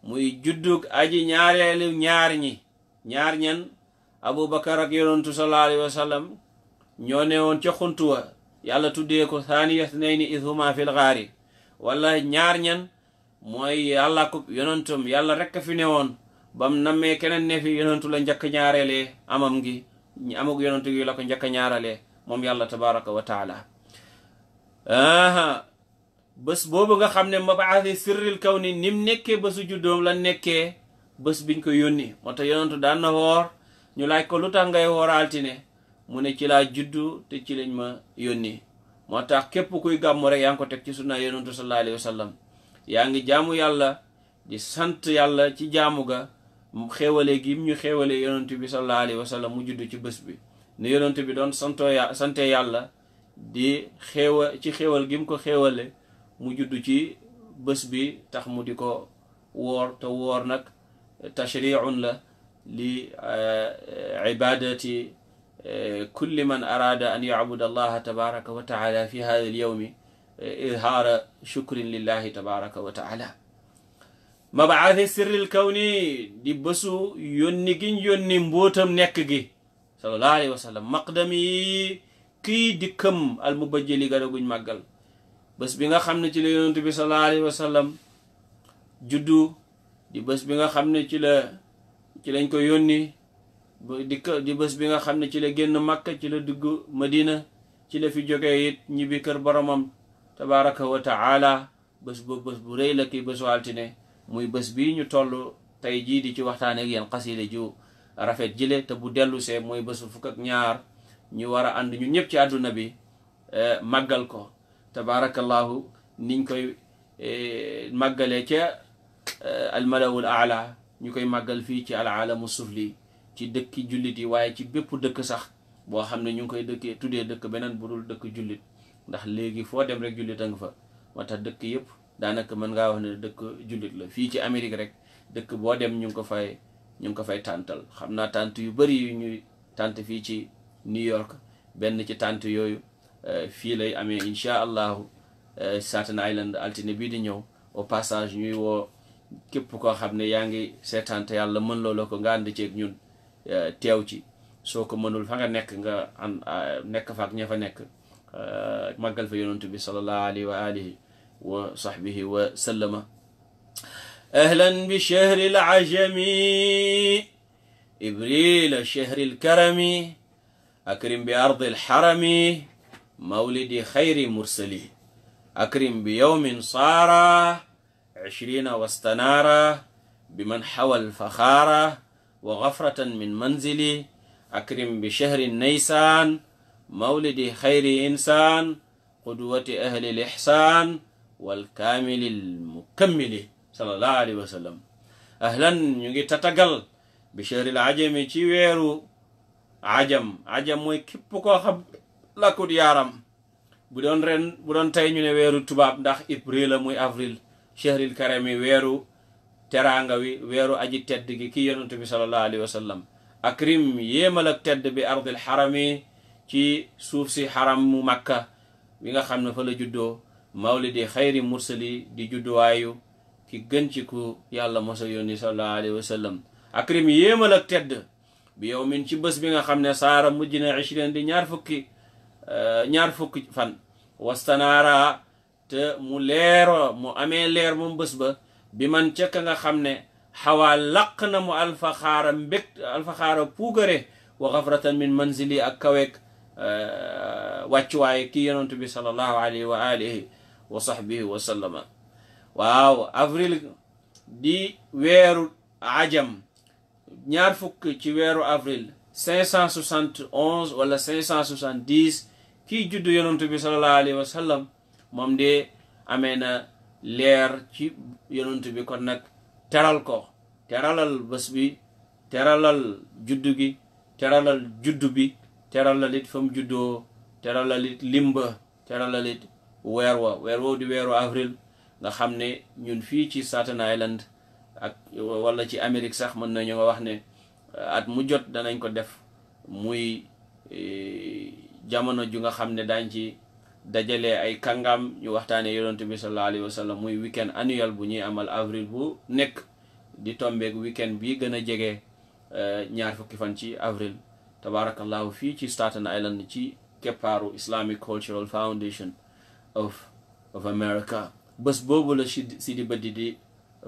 muy juddug aji ñaareelu ñaar ñi ñaar ñan abubakar ak yonentu sallallahu alayhi wa sallam ñoo ne woon ca xuntuwa yàlla tuddee ko haani isnayni idhuma ñaar ñan mooy yàlla ko yàlla rekk fi ne woon bam nammee keneen ne fi la njëkk ñaareelee amam gi amug yonentu gi la ko njëkk ñaaralee moom yàlla tabaraka wa bës boobu nga xam ne mabaasi sirril kaw ni nim nekkee bésu juddoom la nekkee bës biñ ko yónni moo tax yonentu daan na woor ñu laaj ko lu tax ngay woor mu ne ci laa juddu te ci lañ ma yónni moo tax képp kuy gàmmu rek yaa ko teg ci sunna yonentu sallallahu alayhi wa yaa ngi jaamu yàlla di sant yàlla ci jaamu ga xéewale gi ñu xéewale yonentu bi sallallahu alayhi wa sallam mu juddu ci bës bi ne yonentu bi doon santoo sante yàlla di xéewa ci xéewal gi mu ko xéewale mu juddu ci bés bi tax mu di ko woor te woor nag tashriun la li eh, ibadati eh, kulli man araada an yacbud allaha tabaraka wa taala fi hada alyawmi eh, izhaara shukrin lillahi tabaraka wa taala mabaati sirril kawni di bésu yónni giñ yónni mbóotam nekk gi sallallahu alayhi wa sallam maqdami kii di këm al mubajjali gadaguñ màggal bés bi nga xam ne ci la yonent bi sallallahu alayhi wa juddu di bés bi nga xam ne ci la ci lañ ko yónni di di bi nga xam ne ci la génn màkka ci la dugg madina ci la fi jógee it ñibbi kër boromam tabaraka wa taala bés bu rëy la kii altine muy bés bi ñu toll tey jii di ci waxtaan ak yéen xasida ju rafet jile te bu dellu see mooy bésu fukk ñaar ñu war a ànd ñun ñëpp ci adduna bi e, màggal ko tabarakallahu niñ koy e, màggalee ca e, almalawul ala ñu koy màggal fii ci alaalamu sufli ci dëkki jullit yi waaye ci bépp dëkk sax boo xam ne ñu ngi koy dëkkee tuddee dëkk beneen bu dul dëkk jullit ndax léegi foo dem rek jullit a nga fa moo dëkk yëpp daanaka mën ngaa wax ne dëkk jullit la fii ci Amérique rek dëkk boo dem ñu ngi ko fay ñu ngi ko fay xam naa tant yu bari yu ñuy tant fii ci New York benn ci tànt yooyu euh, fii lay amee incha allahu euh, Staten Island altine bii di ñëw au passage ñuy woo képp koo xam ne yaa ngi seetaante yàlla mën loola ko nga ànd ceeg ñun euh, teew ci soo ko mënul fa nga nekk nga an nekk fa ak ña fa nekk màggal fa yonentu bi sallallahu alayhi wa alihi wa sahbihi wa sallama ahlan bi shahri al ibril shahri al karami أكرم بأرض الحرم مولد خير مرسلين أكرم بيوم صار عشرين واستنار بمن حوى الفخار وغفرة من منزلي أكرم بشهر نيسان مولد خير إنسان قدوة أهل الإحسان والكامل المكمل صلى الله عليه وسلم أهلا نجي تتقل بشهر العجم تي ويرو ajam ajam mooy képp ko xam lakkut yaaram bu doon ren bu doon tey ñu ne weeru tubaab ndax ibril la muy avril chehril karami weeru teraanga wi weeru aji tedd ki kii yonent bi sallallahu alayhi wa sallam akrim yéemal tedd bi ardil xarami ci suuf si xaram mu makka bi nga xam ne fa la juddoo mawlidi xayri mursali di judduwaayu ki gën ci ku yàlla mosa yónni sallallahu alayhi wa akrim yéemal tedd bi yow min ci bés bi nga xam ne saara mujj na ishrin di ñaar fukki euh, ñaar fukki fan wastanaara te mu leero mu amee leer moom bés ba bi man ca nga xam ne xawaa laq na mu alfaxaara mbég alfaxaara puugare wa xafratan min manzili ak kaweeg euh, wàccuwaay kii yonent bi sallallahu alayhi wa wa sahbihi wa sallama avril di weeru ajam ñaar fukk ci weeru avril 571 wala 570 kii juddu yonantu bi sallallahu alayhi wa moom de amee na leer ci yonantu bi kon nag teral ko teralal bés bi teralal juddu gi teralal juddu bi teralal it fa mu juddoo teralal it limba teralal it weer wa weer woow di weeru avril nga xam ne ñun fii ci Staten Island ak walla ci Amérique sax mën nañu wax ne uh, at mu jot danañ ko def muy e, jamono ju nga xam ne daañ ci dajale ay kàngaam ñu waxtaane yonent bi sallallahu alayhi wa muy weekend annuel bu ñuy amal avril bu nekk di tombeek weekend bi gën a jege uh, ñaar fukki fan ci avril tabaarakallahu fii ci Staten Island ci keppaaru Islamic Cultural Foundation of of America bés boobu la si di bëddi di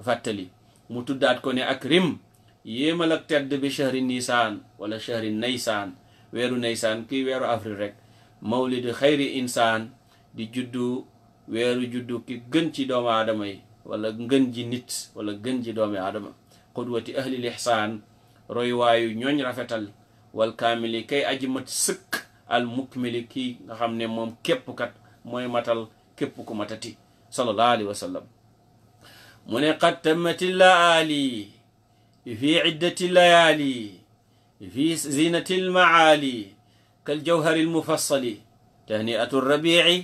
fàttali mu tuddaat ko ne ak rim yéemal ak tedd bi chahri nisaan wala chahri naysaan weeru naysaan ki weeru avril rek mawlid xayri insaan di juddu weeru juddu ki gën ci doomu aadama yi wala ngën ji nit wala gën ji doomu aadama qudwati ahlil ihsaan roy waayu rafetal wal kaamili kay aji sëkk al mukmili kii nga xam ne moom képp kat mooy matal képp ku matati sallallahu alayhi mu ne qad tammati laali fi ciddati layaali fi zinati almacaali kal jawhari almufassali tahniatu rabici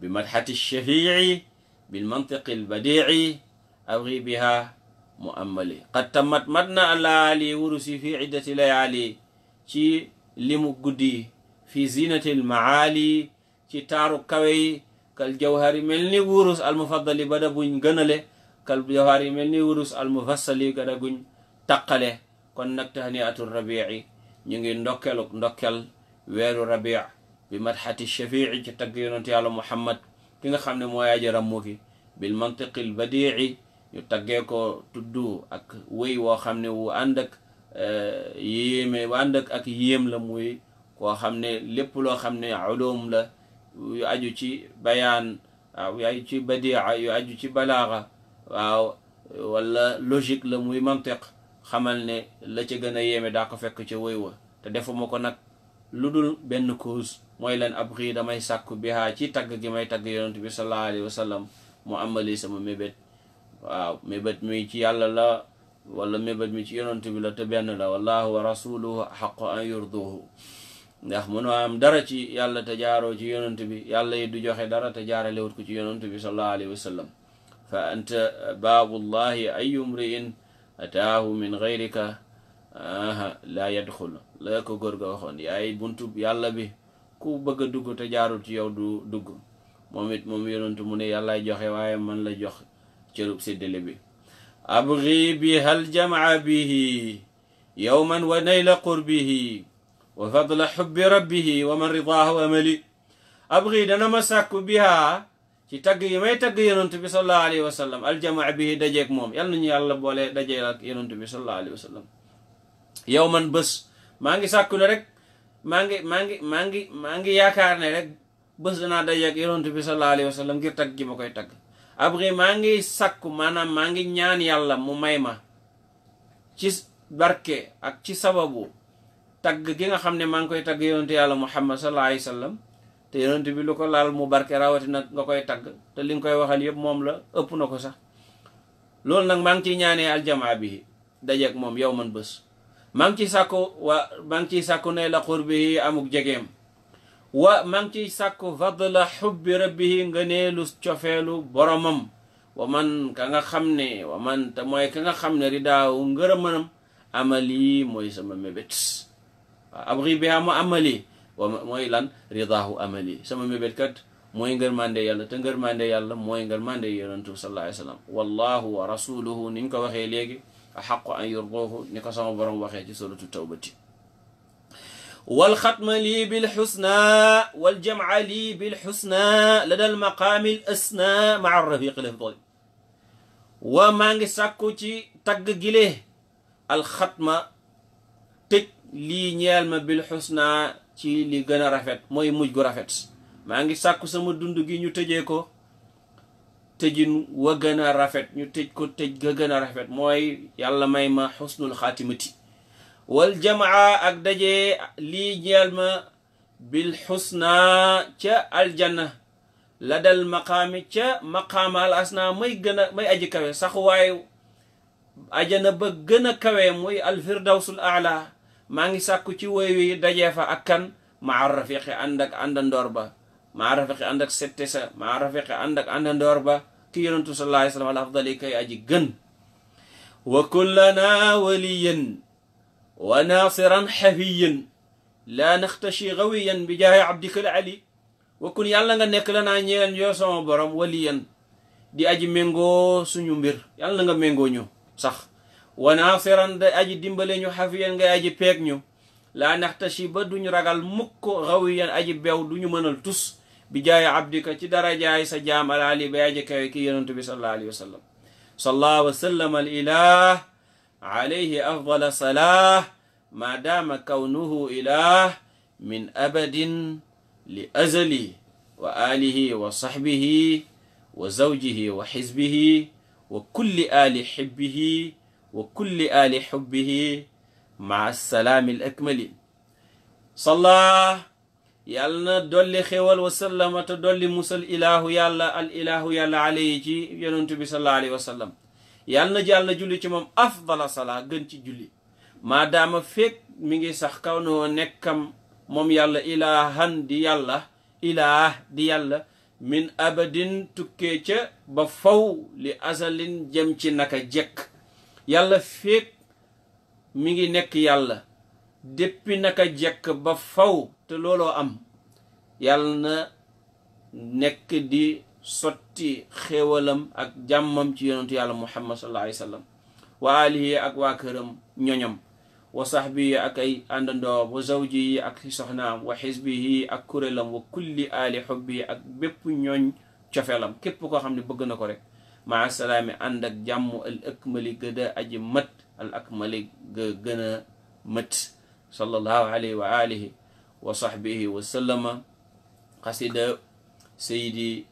bi madxati shafici bilmantiqi albadici abgi biha muammali qad tammat mat na laali wurusi fi ciddati layaali ci limu guddi fi zinati almacaali ci taaru kawey kal jawhari mel ni wurus almufaddali bada buñ gënale kal jawhaar yi mel ni wurus al mufassali gada guñ taqale kon nag tahniatul rabii ñu ngi ndokkeelu ndokkel weeru rabii bi madxati shafii ci tagg yonent yàlla muhammad ki nga xam ne mooy aji rammu ki bil mantiqil badii ñu taggee ko tudd ak wéy woo xam ne wu ànd ak eh, yéeme yéem la muy koo xam ne lépp loo xam ne ulum aju ci bayaan yu aju ci badia waaw wala logique la muy mantiq xamal ne la ca gën a yéeme daa ko fekk ca woy wa te defuma ko nag lu dul benn cause mooy leen ab rii damay sàkku bihaa ci tagg gi may tagg yonent bi sallallahu alayhi wa mu amali sama mébét waaw mébét mi ci yàlla la wala mébét mi ci yonent bi la te benn la wallahu wa rasuluhu xaqu an yurduhu ndax mënoo am dara ci yàlla te jaaroo ci yonent bi yàlla yi du joxe dara te jaaralewut ko ci yonent bi sallallahu alayhi wa fa anta baabullahi ayu mriin ataahu min gayrika aha laa yadxul la ko góor ga waxoon yaay buntu yàlla bi ku bëgg a dugg te jaarul ci yow du dugg moom it moom yonentu mu ne yàllaay joxe waaye man la jox cërub séddale bi abgi bi hal jamaa bihi yowman wa nayla qurbihi wa fadla xubbi rabbihi wa man ridaahu amali abgi dana ma sàkku biha ci tagg yi may tagg yonent bi sallallahu alayhi wa sallam aljamaa bi dajeek moom yal nañu yàlla boole dajeel ak yonent bi sallallahu alayhi wa sallam yow man bés maa ngi sàkku rek maa ngi maa ngi maa ngi maa ngi yaakaar ne rek bés naa dajeeg yonent bi sallallahu alayhi wa sallam ngir tagg gi ma koy tagg abri maa ngi sàkku maanaam maa ngi ñaan yàlla mu may ma ci barke ak ci sababu tagg gi nga xam ne maa ngi koy tagg yonent yàlla muhammad sallallahu alayhi wa sallam te yonent bi lu ko laal mu barke rawati nag nga koy tagg te li nga koy waxal yëpp moom la ëpp na ko sax loolu nag maa ngi ciy ñaanee aljamaa bi dajeeg moom yow man bés maa ngi ciy sàkku wa maa ngi ciy sàkku ne la xurbihi amuk jegeem wa maa ngi ciy sàkku fadla xubbi rabbihi nga nee lu cofeelu boromam wa man ka nga xam ne wa man te mooy ka nga xam ne ridaaw ngërëmanam amali mooy sama mébét waaw ab ri bi ama amali wa mooy lan ridaahu amali sama mébét kat mooy ngërmande yàlla te ngërmande yàlla mooy ngërmande yonentu bi sallallahu alayhi wa sallam wallahu wa rasuluhu ni ñu ko waxee léegi axaqu an yurduhu ni ko sama borom waxee ci suratu tawbati والختم لي بالحسنى والجمع لي بالحسنى لدى المقام الأسنى مع الرفيق الأفضل وما نجي ساكوتي تقجله الختم تك لي نيالما بالحسنى ci li gën a rafet mooy muj gu rafet maa ngi sàkku sama dund gi ñu tëjee ko tëjin wa gën a rafet ñu tëj ko tëj ga gën a rafet mooy yàlla may ma xusnul xaatimati wal jamaa ak dajee lii ñeel ma bil xusna ca aljana la dal maqaami ca maqaama al asna may gën a may aji kawe sax waaye ajana ba gën a kawe muy al firdawsul aala maa ngi sàkku ci woy wi dajee fa ak kan maa rafiqi ànd ak àndandoor ba maa rafiqi ànd ak sette sa maa rafiqi ba ki yonentu sallallahu alayhi wa sallam al afdali kay aji gën wa kullana waliyan wa nasiran xafiyan laa naxtashi gawiyan bi jaaye abdikal ali wa kun yàlla nga nekk lanaa ñeeleen yoo sama borom waliyan di aji méngoo suñu mbir yàlla nga méngoo ñu sax waa naasiran da aji dimbale ñu xafiyan ngay aji peeg ñu laa naxtashi ba duñu ragal mukk xawiyan aji beew duñu mënal bi jaay abdika ci darajaay sa jaam alaali bay aji kawe ki yonent bi sallallahu alayhi wa sallam wa sallama al ma daama kawnuhu ilah min abadin li azali wa alihi wa sahbihi wa zawjihi wa xizbihi wa kulli ali xibbihi wa kulli aali xubbihi maa salaami al akmali salla yàlla na dolli xéwal wa sallama te dolli musal ilaahu yàlla al ilaahu yàlla alayhi ci yonentu bi sallallahu alayhi wa sallam yàlla na jàll na julli ci moom afdala salaa gën ci julli maadaama fekk mi ngi sax kaw noo nekkam moom yàlla ilaahan di yàlla ilaah di yàlla min abadin tukkee ca ba faw li asalin jëm ci naka jekk yàlla féeg mi ngi nekk yàlla déppi naka jekk ba faw te looloo am yàlla na nekk di sotti xéewalam ak jàmmam ci yonentu yàlla muhammad sallallahu alayhi wa sallam wa alihi ak waa këram ñoñam wa bi yi ak ay àndandoom wa zawji yi ak soxnaam wa xisbi yi ak kurélam wa kulli ali xubbi yi ak bépp ñooñ cofeelam képp koo xam ne bëgg na ko rek maa salaami ànd ak jàmm al akmali gëda aji mat gën a mët sallallahu alayhi wa alihi wa sahbihi wa sallama xasida sayidi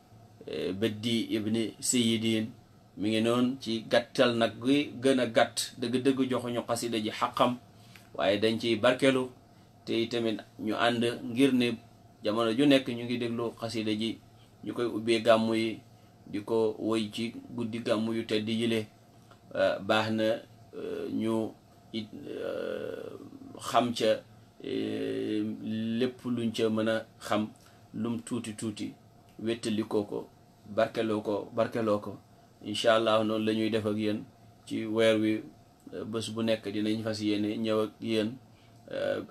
eh, bëddi ibni sayidin mi ngi noonu ci gàttal nag gi gën a gàtt dëgg-dëgg joxuñu xasida ji xaqam waaye dañ ci barkelu te tamit ñu ànd ngir ne jamono ju nekk ñu ngi déglu xasida ji ñu koy ubbee gàmmu yi di ko woy ci guddi gàmmu yu tedd yile euh, baax na euh, ñu it euh, xam ca lépp luñ ca mën a xam lum tuuti tuuti wettali ko ko barkeloo ko barkeloo ko incha allah noonu la ñuy def ak yéen ci weer wi bés bu nekk dinañ fas yéene ñëw ak yéen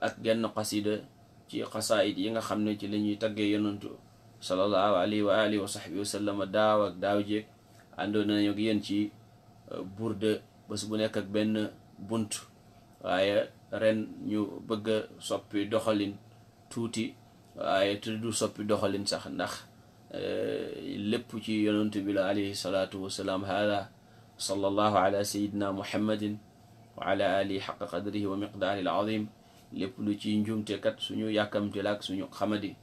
ak genn xasida ci xasaayit yi nga xam ne ci la ñuy taggee yonantu sallallahu alayhi wa alihi wa sahbi wa sallama daaw ak daaw jéeg àndoon nañu ak yéen ci euh, burde bés bu nekk ak benn bunt waaye ren ñu bëgg a soppi doxalin tuuti waaye te du soppi doxalin sax ndax euh, lépp ci yonent bi la alayhi salaatu wasalaam haada sallallahu ala sayidina muhammadin wa ala alihi xaqa qadrihi wa miqdaari al azim lépp lu ci njumte kat suñu yàkkamti la ak suñu xamadi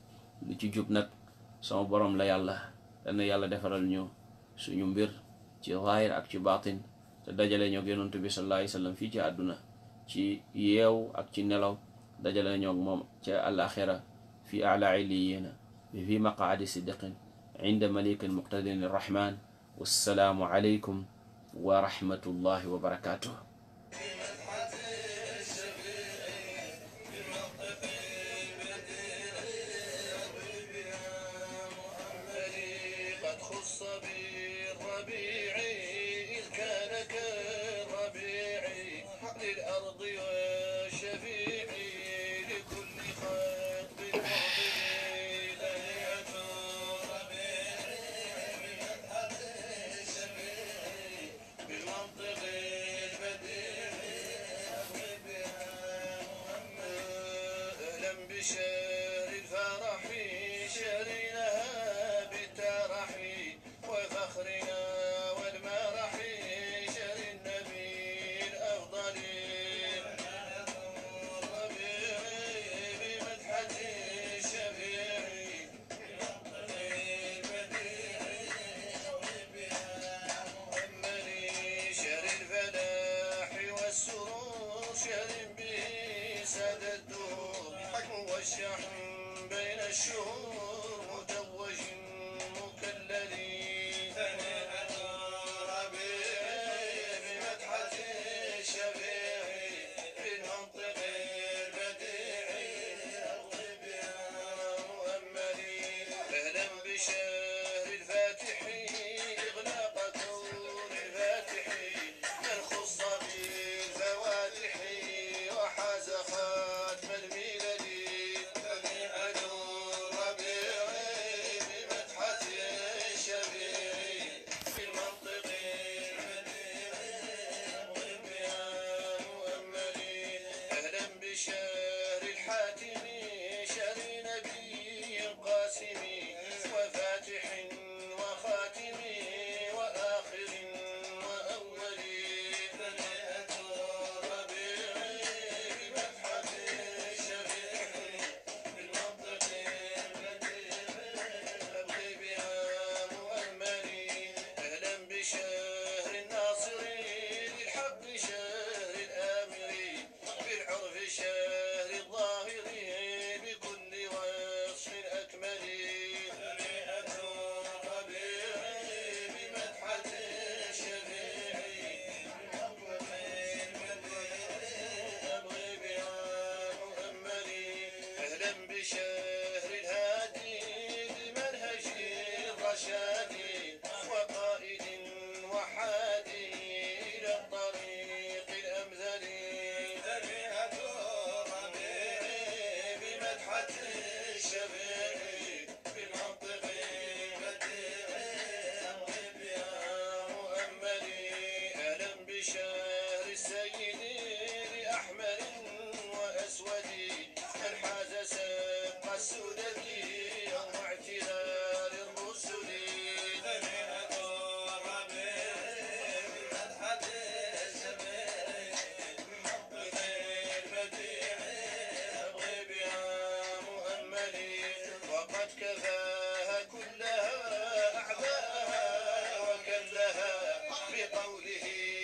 lu ci jub nag sama borom la yàlla dana yàlla defaral ñu suñu mbir ci zaahir ak ci baatin te dajale ñoog yonent bi sallallahu alayhi wasallam fii ci àdduna ci yeew ak ci nelaw dajale ñoog moom ca àlaxira fi ala illiyina bi fi maqaadi siddiqin inda malikin muqtadirin rahman wassalaamu aleykum وقد كفاها كلها أعداء وكلها بقوله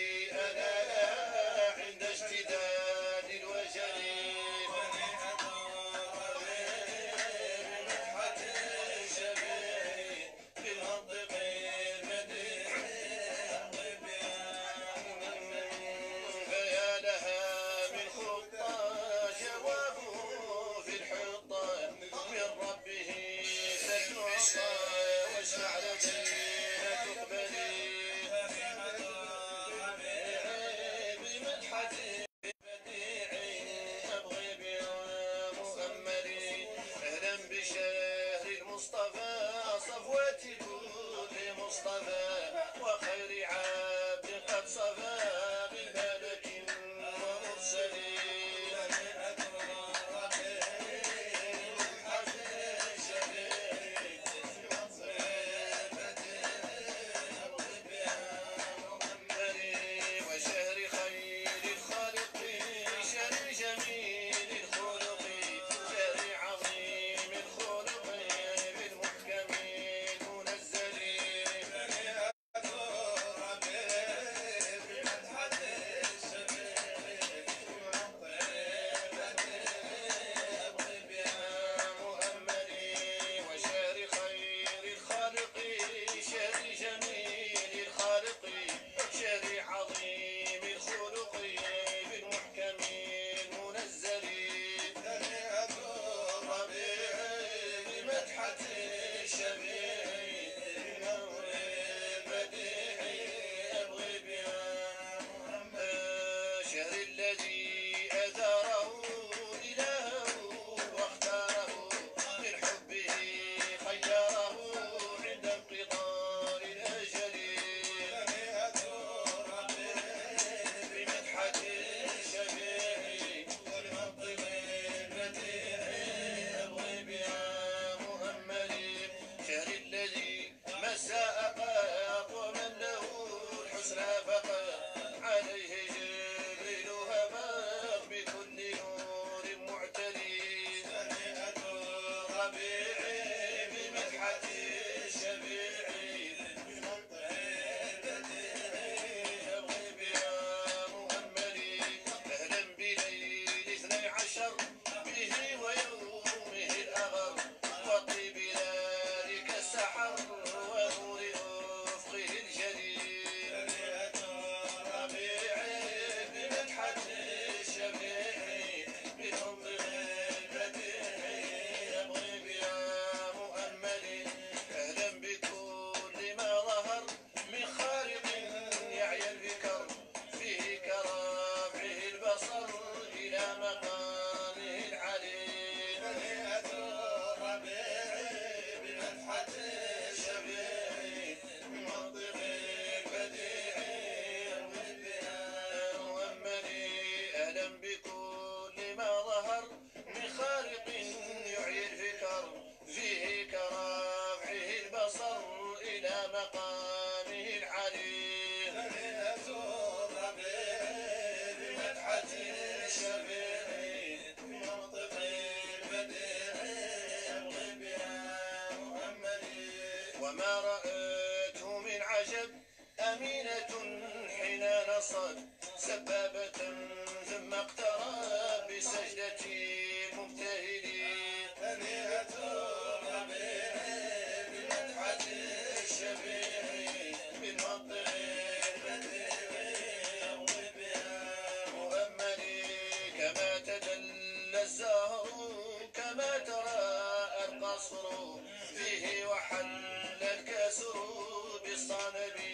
قصد سبابة ثم اقترب بسجدتي مبتهلي هنيئة ربيعي بمدحة الشفيع من وضع البديع بها مؤملي كما تدلى الزهر كما تراءى القصر فيه وحل الكسر بالصنم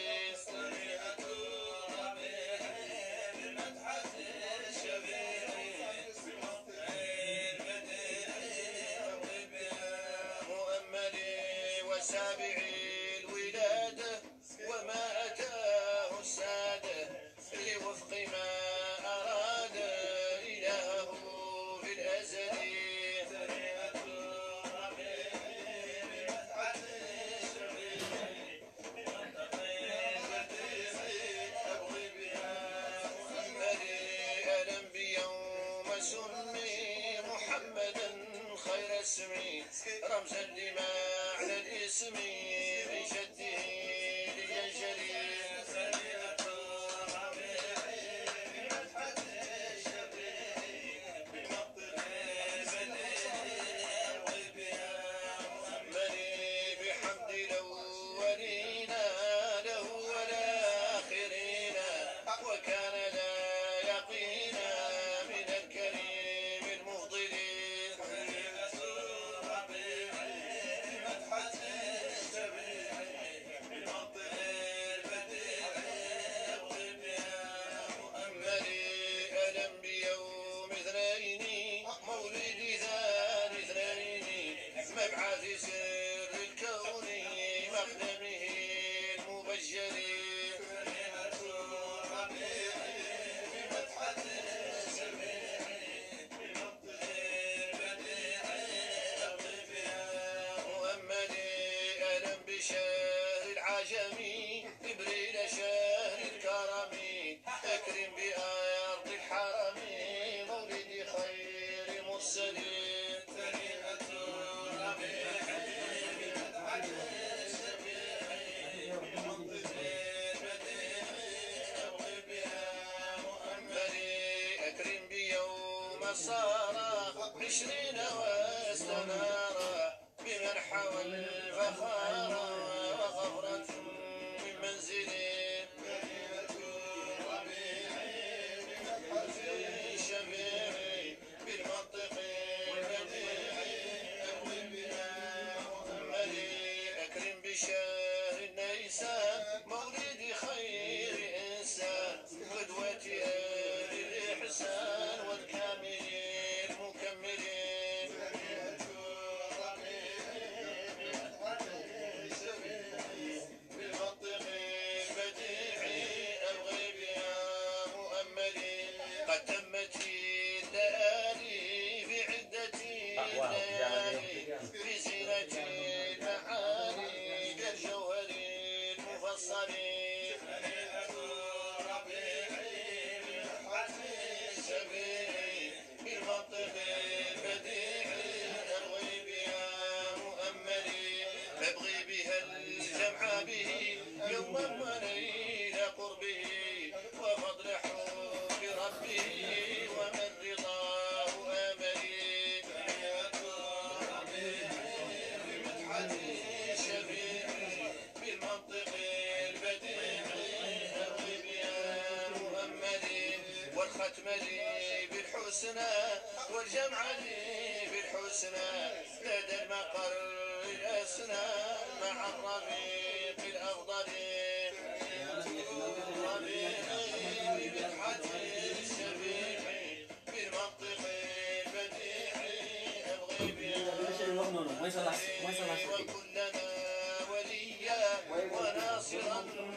السابعين الشريف كريمة ربيعي فتحة الحسنى والجمع لي بالحسنى لدى المقر الأسنى مع الرفيق الأفضل رفيق بالحديث الشفيع بالمنطق البديع أبغي بها وكلنا وليا وناصرا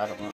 xaaral ma